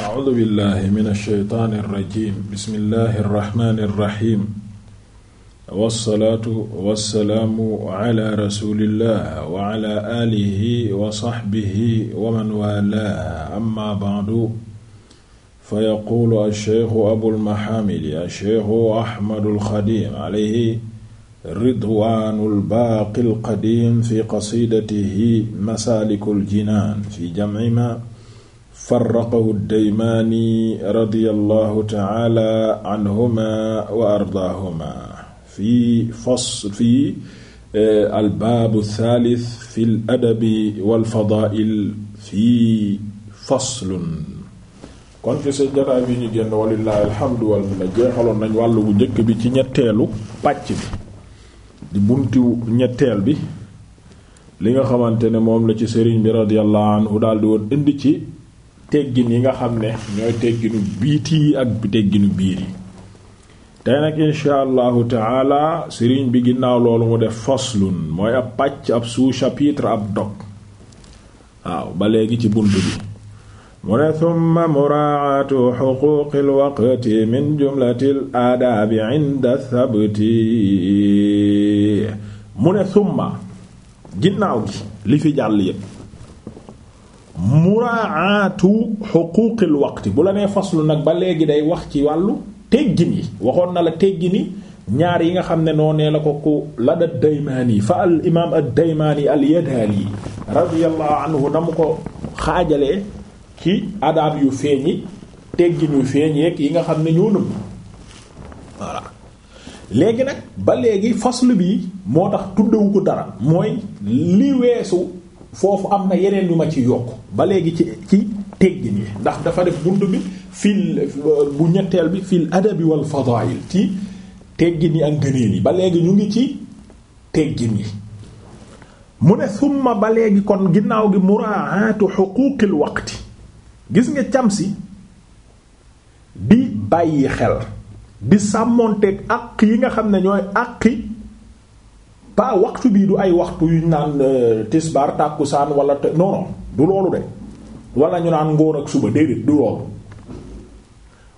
أعوذ بالله من الشيطان الرجيم بسم الله الرحمن الرحيم والصلاة والسلام على رسول الله وعلى آله وصحبه ومن والاه أما بعد فيقول الشيخ أبو المحامد الشيخ أحمد الخديم عليه ridwaanu albaaqi alqadiim fi qasiidatihi masaaliku aljinaan fi jamci ma farraqahu daymaani radiyallahu taala anhuma wa ardaahuma fi fas fi eh, albaabu thaalith fi l adabi walfadail fi faslun kon ci sa jataay bi ñu génn walilahi alhamdu walminna jeexaloon nañ wàllu bu njëkk bi ci ñetteelu pàcc bi di buntu ñetteel bi li nga xamante ne moom la ci sëriñ bi radiyallahu anhu daldi woon indi ci teggin yi nga xam ne ñooy tegginu biiti yi ak tegginu biir yi tey nag insha allahu taala sëriñ bi ginnaaw loolu mu def faslun mooy ab pàcc ab sous-chapitre ab dog waaw ba léegi ci bunt bi mu ne thumma muraatu xuquqil waqti min jumlatil aadaabi inda mu ne thumma ginnaaw gi li fi jàll yépp muraatu xuquuqil waqti bu la nee faslu nag ba léegi day wax ci wàllu teggin yi waxoon na la teggin yi ñaar yi nga xam ne noo nee la ko ku la da daymaani fa al imaam daymaani al yadaali radiyallahu anhu na ko xaajale ci adaab yu feeñi teggin yu feeñ yeeg yi nga xam ne ñoo nëbb voilà léegi nag ba léegi faslu bi moo tax tuddewu ko dara mooy li weesu foofu am na yeneen yu ma ci yokk ba léegi ci ci teggin yi ndax dafa def bunt bi fil bu ñetteel bi fil adabi wa fadaayil ci teggin yi ak ngëneel yi ba léegi ñu ngi ci teggin yi mu ne summa ba léegi kon ginnaaw gi muraatu xuquuqil waqti gis nga camsi di bàyyi xel di sàmmonteeg àq yi nga xam ne ñooy àqi pas waxtu bii du ay waxtu yu ñu naan euh, tisbaar tàkkusaan wala te non du loolu de wala ñu naan ngoon ak suba déedéet du loolu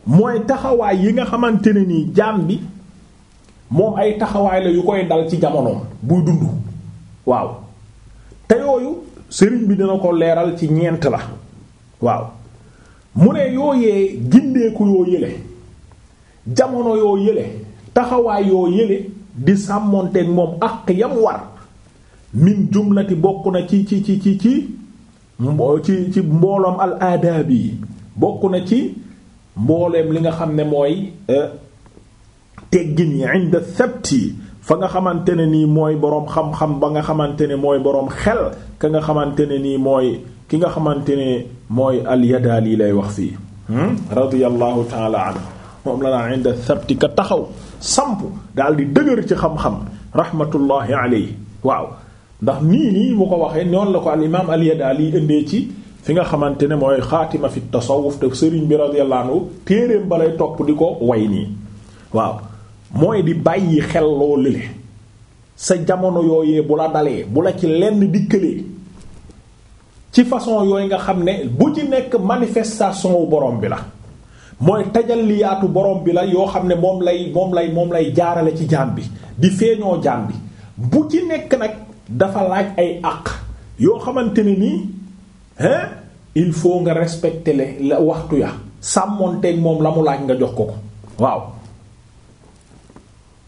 mooy taxawaay yi nga xamante ne nii jaam bi moom ay taxawaay la yu koy dal ci jamonoom buy dund waaw te yooyu sëriñ bi dina ko leeral ci ñeent la waaw mu ne yooyee gindeeku yoo yële jamono yoo yële taxawaay yoo yële di sàmmoonteeg moom ak yam war min jumlati bokk na ci ci ci ci ci mbo ci ci mbooloom al aadaabi yi bokk na ci mbooleem li nga xam ne mooy e, teggin yi inda fa nga xamante ne nii mooy boroom xam-xam ba nga xamante ne mooy boroom xel ka nga xamante ne nii mooy ki nga xamante ne mooy al yadaali lay wax fii hmm? radiyallahu taala anhu moom la naa inda sabti ka taxaw samp daal di dëgër ci xam-xam rahmatullahi alayhi waaw ndax nii nii mu ko waxee noon la ko al imaam al Yadaali indee ci fi nga xamante ne mooy xaatima fi tasawuf te sëriñ bi radiyallahu anhu téereem ba lay topp di ko way nii waaw mooy di bàyyi xel loo lële sa jamono yooyee bu la dalee bu la ci lenn dikkalee ci façon yooyu nga xam ne bu ci nekk manifestation wu borom bi la mooy tajalliyaatu borom bi la yoo xam ne moom lay moom lay moom lay jaarale ci jaam bi di feeñoo jaam bi bu ci nekk nag dafa laaj ay àq yoo xamante ne nii hein il faut nga respecter le la waxtu ya sàmmoonteeg moom la mu laaj nga jox ko ko waaw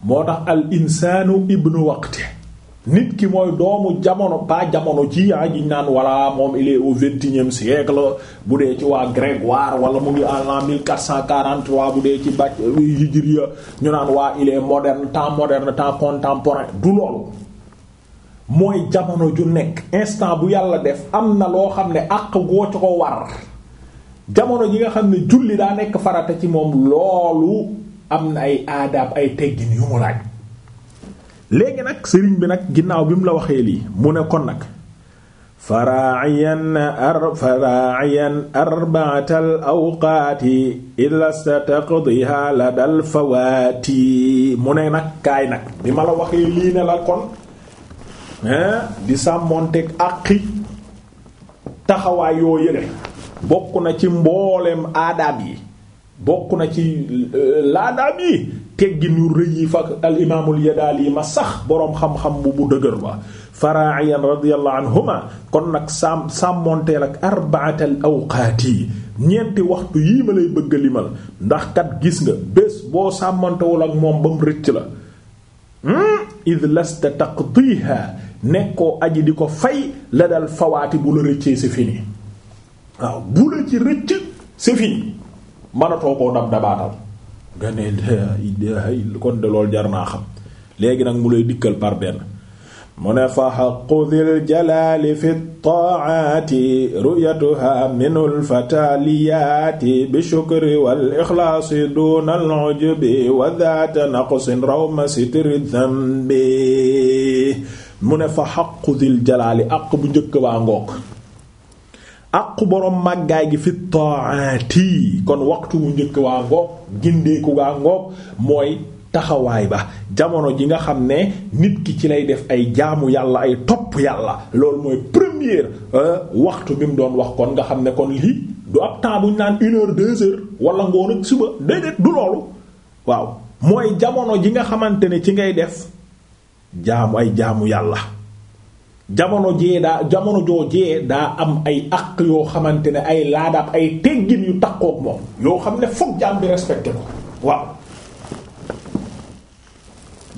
moo tax al insaanu ibnu waqti nit ki mooy doomu jamono baa jamono ci ah jiñ naan walla moom il est au vingt et bu dee ci waa Grégoire wala mu ngi en l'an 1443 bu dee ci bac euh, hijriya ñu naan waa il est moderne temps moderne temps contemporain du loolu mooy jamono ju nekk instant bu yàlla def am na loo xam ne àq goo ko war jamono ji nga xam ne julli daa nekk farata ci moom loolu am na ay aadaab ay teggin yu mu laaj léegi nag sëriñ bi nag ginnaaw bi mu la waxee lii mu ne kon nag faraayan ar faraayan arbaatal awqaati illa sataqdiha la dal fawaati mu ne nag nag bi ma la waxee lii ne la kon di sàmmoonteeg àqi taxawaay yoo yële bokk na ci mbooleem aadaab yi bokk na ci euh, laadaab yi teggin yu rëy yi fa al imaamul Yadaali ma sax boroom xam-xam bu bu dëgër ba faraayan radiyallahu anhuma kon nag sàmm sàmmonteel ak arbaatal awqaat yi ñeenti waxtu yii ma lay bëgg limal ndax kat gis nga bés boo sàmmantewul ak moom ba mu rëcc la hmm? id lasta taqdiha nekkoo aji di ko fay la dal fawaati bu la rëccee c'est fini waaw bu la ci rëcc c'est fini mënatoo koo dabaatal nga ne kon de loolu jar naa xam léegi nag mu lay dikkal par benn mu ne fa xaqu dhil jalaali fi taati ruyatuha minul fataliyaati bi shukri wal ixlaasi duna al ujubi wa dhaata naqsin rawma sitri dhanbi mu ne fa xaqu dhil jalaali àq bu njëkk baa ngook aqu boroom màggaay gi fi taati kon waxtu bu njëkk waa ngoog gindeeku waa ngoog mooy taxawaay ba jamono ji nga xam ne nit ki ci lay def ay jaamu yàlla ay topp yàlla loolu mooy première euh, waxtu bi mu doon wax kon nga xam ne kon lii du ab temps bu ñu naan une heure deux wala ngoon ak suba déedéet du loolu waaw mooy jamono ji nga xamante ne ci ngay def jaamu ay jaamu yàlla jamono jee daa jamono joo jee daa am ay àq yoo xamante ne ay laadaab ay teggin yu takkook moom yoo xam ne fokk jaam bi respecté ko waaw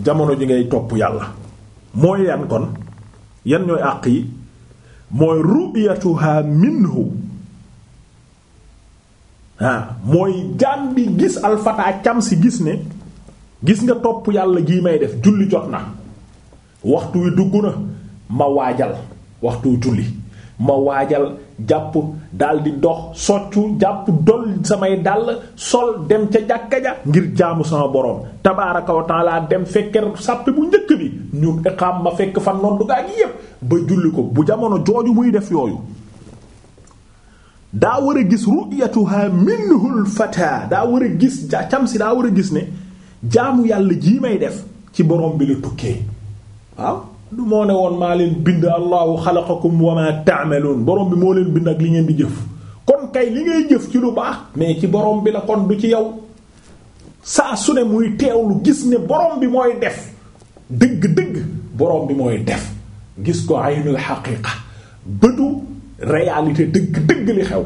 jamono ji ngay topp yàlla mooy yan ñooy àq yi mooy ru'yatuha minhu ah bi gis alfataa cam gis ne gis nga topp yàlla ji may def julli jot na waxtu wi dugg na ma waajal waxtu julli ma waajal jàpp dal di dox soccu jàpp dol samay dàll sol dem ca jàkka ja ngir jaamu sama boroom tabaaraka wa dem fekke sàppe bu njëkk bi ñu xam ma fekk fa noddu gaa gi yépp ba julli ko bu jamono jooju muy def yooyu daa war a gis ru'yatuha minhul fata daa war a gis cam si daa war a gis ne jaamu yàlla jii may def ci boroom bi la tukkee du moo ne woon maa leen bind allahu xalaqakum wa ma ta'malun borom bi moo leen bind ak li ngeen di jëf kon kay li ngay jëf ci lu baax mais ci borom bi la kon du ci yow saa su ne muy teewlu gis ne borom bi mooy def dëgg-dëgg borom bi mooy def gis ko aynul xaqiqa bëtu réalité dëgg-dëgg li xew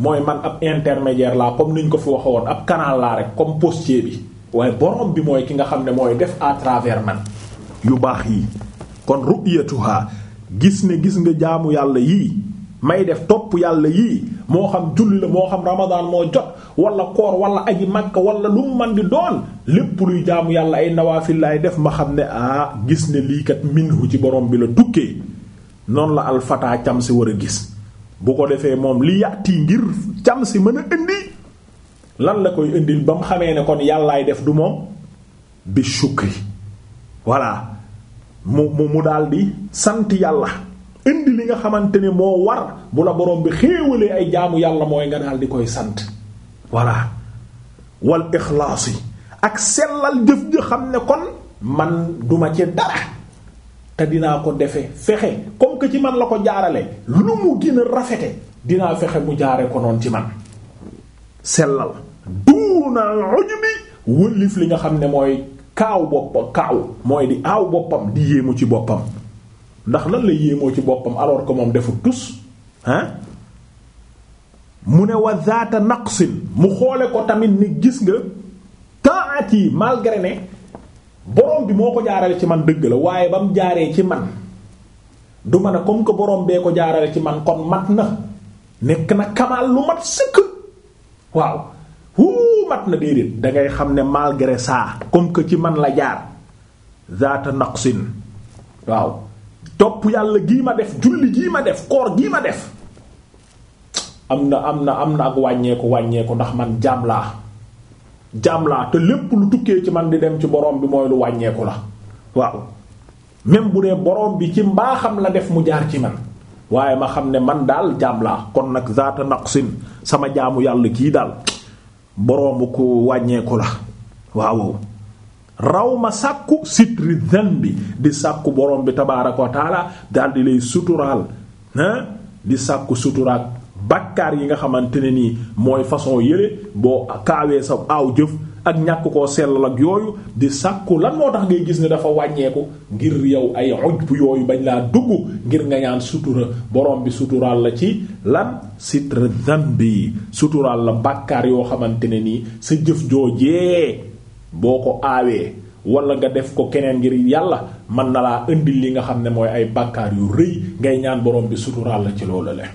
mooy man ab intermédiaire laa comme niñ ko fi waxe woon ab canal laa rek comme postier bi waaye borom bi mooy ki nga xam ne mooy def à travers man yu baax yi kon ru'yatuha gis ne gis nga jaamu yàlla yii may def topp yàlla yii moo xam julli la moo xam ramadaan moo jot wala koor wala aji makka wala lu mu man di doon lépp luy jaamu yàlla ay nawaafil laay def ma xam ne ah gis ne lii kat minhu ci borom bi la tukkee noonu la alfataa cam si war a gis bu ko defee moom li yàtti ngir cam si mën a indi lan la koy indil ba mu xamee ne kon yàllaay def du moom bi shukri voilà mu mu mu daal di sant yàlla indi li nga xamante ne moo war bu la borom bi xéewalee ay jaamu yàlla mooy nga daal di koy sant voilà wal ixlaas yi ak sellal jëf ji xam ne kon man duma ci dara te dinaa ko defe fexe comme que ci man la ko jaarale lu mu gën rafete dinaa fexe mu jaare ko noonu ci man sellal duuna al ujbi wëlif li nga xam ne mooy kaaw boppam kaaw mooy di aaw boppam di yéemu ci boppam ndax lan la yéemoo ci boppam alors ko moom deful tus ah mu ne wa zaata naqsin mu xoole ko tamit ni gis nga taat yi malgré ne borom bi moo ko jaarale ci man dëgg la waaye ba mu jaaree ci man du ma ne comme que borom bee ko jaarale ci man kon mat na nekk na kamaal lu mat sëkk waaw huu mat na déedéet da xam ne malgré ça comme que ci man la jaar zaata naqsin waaw topp yàlla gii ma def julli gii ma def koor gii ma def am na am na am na ak wàññeeku wàññeeku ndax man jaam laa jaam laa te lépp lu tukkee ci man di dem ci borom bi mooy lu wàññeeku la waaw même bu dee borom bi ci mbaaxam la def mu jaar ci man waaye ma xam ne man daal jaam laa kon nag zaata naqsin sama jaamu yàlla kii daal boroom ku wàññeeku la waaw raw ma sàkku sitri dhanbi di sàkku borom bi tabaaraka wa taala daldi lay suturaal hein di sàkku suturaal bakkaar yi nga xamante ne nii mooy façon yële boo kaawee sa aw jëf ak ñàkk koo sellal ak yooyu di sàkku lan moo tax ngay gis ni dafa wàññeeku ngir yow ay ujb yooyu bañ laa dugg ngir nga ñaan sutura borom bi suturaal la ci lan sitra bi suturaal la bàkkaar yoo xamante ne nii sa jëf joojee boo ko aawee wala nga def ko keneen ngir yàlla mën na laa indil li nga xam ne mooy ay bàkkaar yu rëy ngay ñaan borom bi suturaal la ci loolu le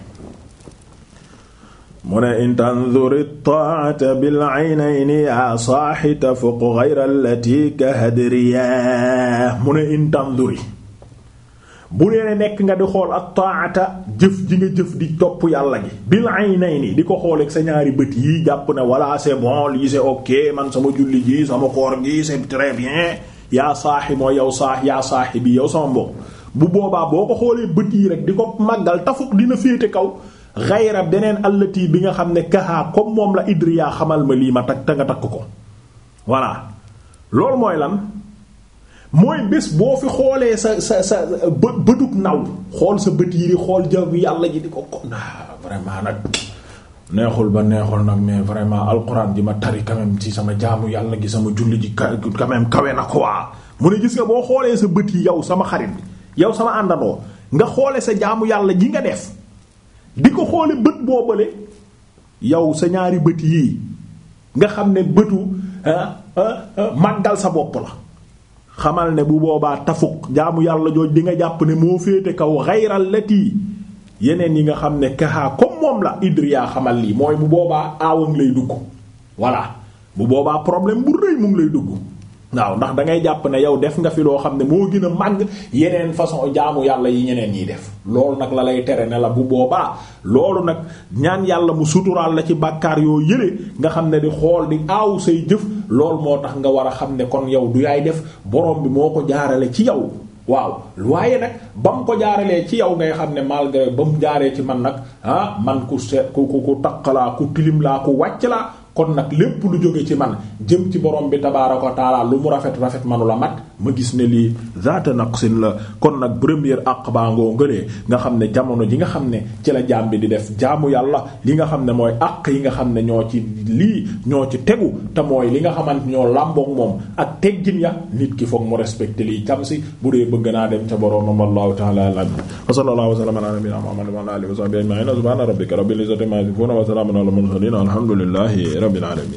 mu ne in tanduri taata bil aynayni yaa saaxi tafuq gayra allati ka hadriya mu ne in nekk nga di xool ak taata jëf ji jëf di topp yàlla gi bil aynayni di ko xool sa ñaari bët yi jàpp ne voilà c'est bon lii c'est sama julli ji sama koor gi c'est très bien yaa saaxi mooy yow saax yaa saaxi bi yow sama mbokk bu boobaa boo ko xoolee bët yi rek di ko màggal tafuq dina féete kaw xayra beneen allati bi nga xam ne kahaa comme moom la idriya xamal ma lii ma takk te nga takk ko voilà loolu mooy lan mooy bés boo fi xoolee sa sa sa bët bëtug naw xool sa bët yi di xool jaww yàlla ji di ko ko ah neexul ba neexul nag mais vraiment alxuraan ji ma tari quand ci sama jaamu yàlla gi sama julli ji quand même kawe na waa mu ne gis nga boo xoolee sa bët yi yow sama xarit yow sama àndandoo nga xoole sa jaamu yàlla ji nga def di ko xoole bët boobale yow sa ñaari bët yii nga xam ne bëtu ah, ah, ah, màggal sa bopp la xamal ne bu boobaa tafuq jaamu yàlla jooj di nga jàpp ne moo féete kaw xayral yi yeneen yi nga xam ne kahaa comme moom la idriya xamal lii mooy bu boobaa aawam lay dugg voilà bu boobaa problème bu rëy mu lay dugg waaw ndax da ngay jàpp ne yow def nga fi loo xam ne moo gën a màgg yeneen façon jaamu yàlla yi ñeneen ñiy def loolu nag la lay tere ne la bu boobaa loolu nag ñaan yàlla mu suturaal la ci bàkkaar yoo yële nga xam ne di xool di aaw say jëf lool moo tax nga war a xam ne kon yow du yaay def borom bi moo ko jaarale ci yow waaw waaye nag ba mu ko jaaralee ci yow ngay xam ne malgré ba mu jaaree ci man nag ah man ku set ku ku ku taq laa ku tilim laa wàcc laa kon nag lépp lu jóge ci man jëm ci borom bi tabaaraka wa taala lu mu rafet rafet manu la mat ma gis ne lii zaata naqsin la kon nag première àq baa ngoo ngënee nga xam ne jamono ji nga xam ne ci la jaam bi di def jaamu yàlla li nga xam ne mooy àq yi nga xam ne ñoo ci lii ñoo ci tegu te ak teggin ya nit ki foog mu respecté lii cam bu dee bëgg naa dem ca boroomam wallahu ta'ala a'lam wa sallallahu alhamdulillahi rabbil alamin